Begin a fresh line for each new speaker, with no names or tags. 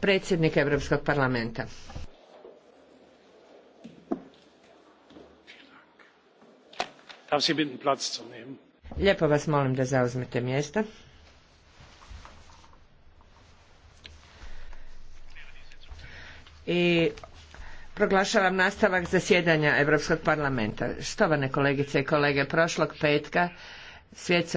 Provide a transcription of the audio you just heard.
predsjednik europskog parlamenta lijepo vas molim da zauzmete mjesta i proglašavam nastavak zasjedanja europskog parlamenta štovane kolegice i kolege prošlog petka svjetska